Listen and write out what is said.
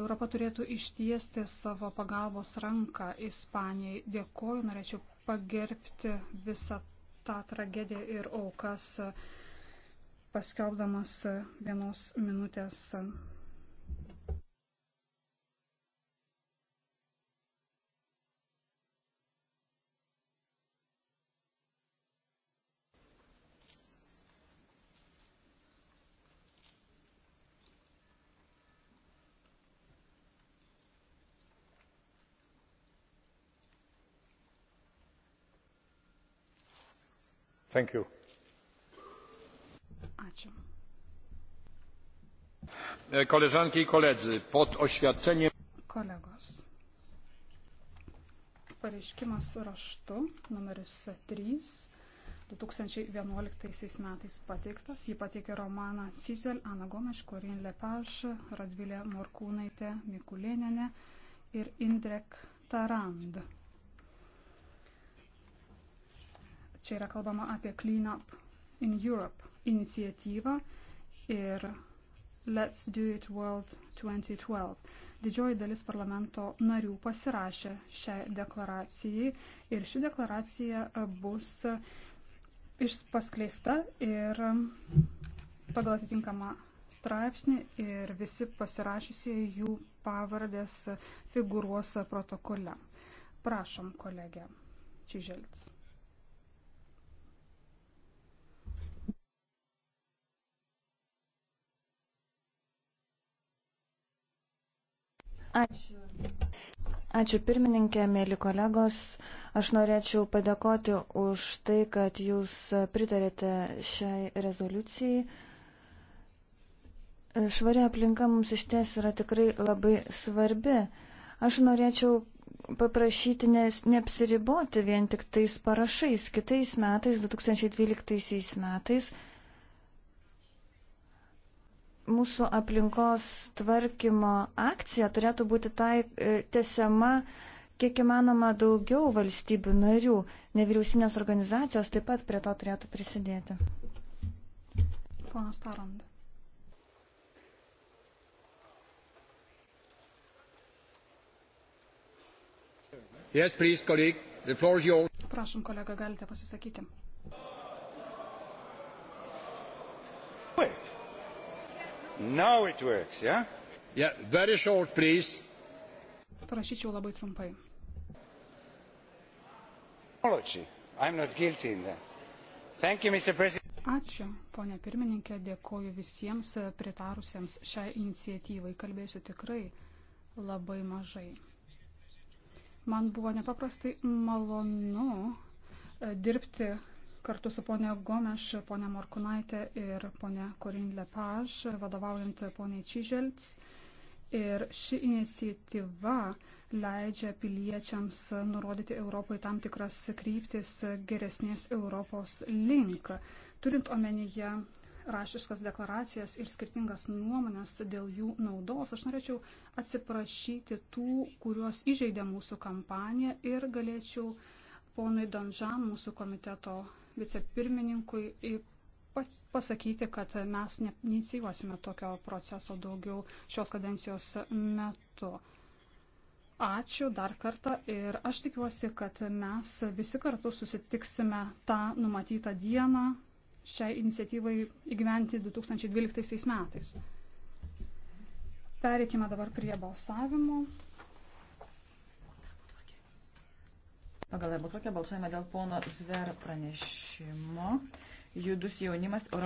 Europa turėtų ištiesti savo pagalbos ranką Ispanijai. Dėkoju, norėčiau pagerbti visą tą tragediją ir aukas paskelbdamas vienos minutės Thank you. Ačiū. Koleżanki i koledzy, pod oświadczeniem. Kolegos. Pareiškimas raštu numeris 3 2011 metais pateiktas. Jį pateikė Romana Cizel, Ana Gomeš, Korin Lepaš, Radvilė Morkūnaitė, Mikulėnenė ir Indrek Tarand. Čia yra kalbama apie Clean Up in Europe iniciatyvą ir Let's Do It World 2012. Didžioji dalis parlamento narių pasirašė šią deklaraciją ir ši deklaracija bus paskleista ir pagal atitinkamą straipsnį ir visi pasirašysieji jų pavardės figūruos protokole. Prašom, kolegė Čiželts. Ačiū. Ačiū pirmininkė, mėly kolegos. Aš norėčiau padėkoti už tai, kad jūs pritarėte šiai rezoliucijai. Švari aplinka mums iš ties yra tikrai labai svarbi. Aš norėčiau paprašyti nes, neapsiriboti vien tik tais parašais. Kitais metais, 2012 metais, mūsų aplinkos tvarkymo akcija turėtų būti tai e, tesiama kiek įmanoma daugiau valstybių narių. Nevyriausinės organizacijos taip pat prie to turėtų prisidėti. Ponas Taranda. Yes, please, colleague. The floor is yours. Prašom, kolega, galite pasisakyti. Now it works, yeah? Yeah, very short, please. Prašyčiau labai trumpai. I'm not guilty in that. Thank you, Mr. President. Ačiū, ponė pirmininkė, dėkoju visiems pritarusiems šią iniciatyvai. Kalbėsiu tikrai labai mažai. Man buvo nepaprastai malonu e, dirbti Kartu su ponia Gomeš, ponia Morkunaitė ir ponia Korin Lepaž, vadovaujant poniai Čiželts. Ir ši iniciatyva leidžia piliečiams nurodyti Europai tam tikras kryptis geresnės Europos link. Turint omenyje rašiškas deklaracijas ir skirtingas nuomonės dėl jų naudos, aš norėčiau atsiprašyti tų, kuriuos įžeidė mūsų kampanija ir galėčiau ponui Donžan, mūsų komiteto vicepirmininkui pasakyti, kad mes neinicijuosime tokio proceso daugiau šios kadencijos metu. Ačiū dar kartą ir aš tikiuosi, kad mes visi kartu susitiksime tą numatytą dieną šiai iniciatyvai įgyventi 2012 metais. Pereikime dabar prie balsavimo. Pagal darbo tokią balsuojame dėl pono Zver pranešimo. Judus jaunimas.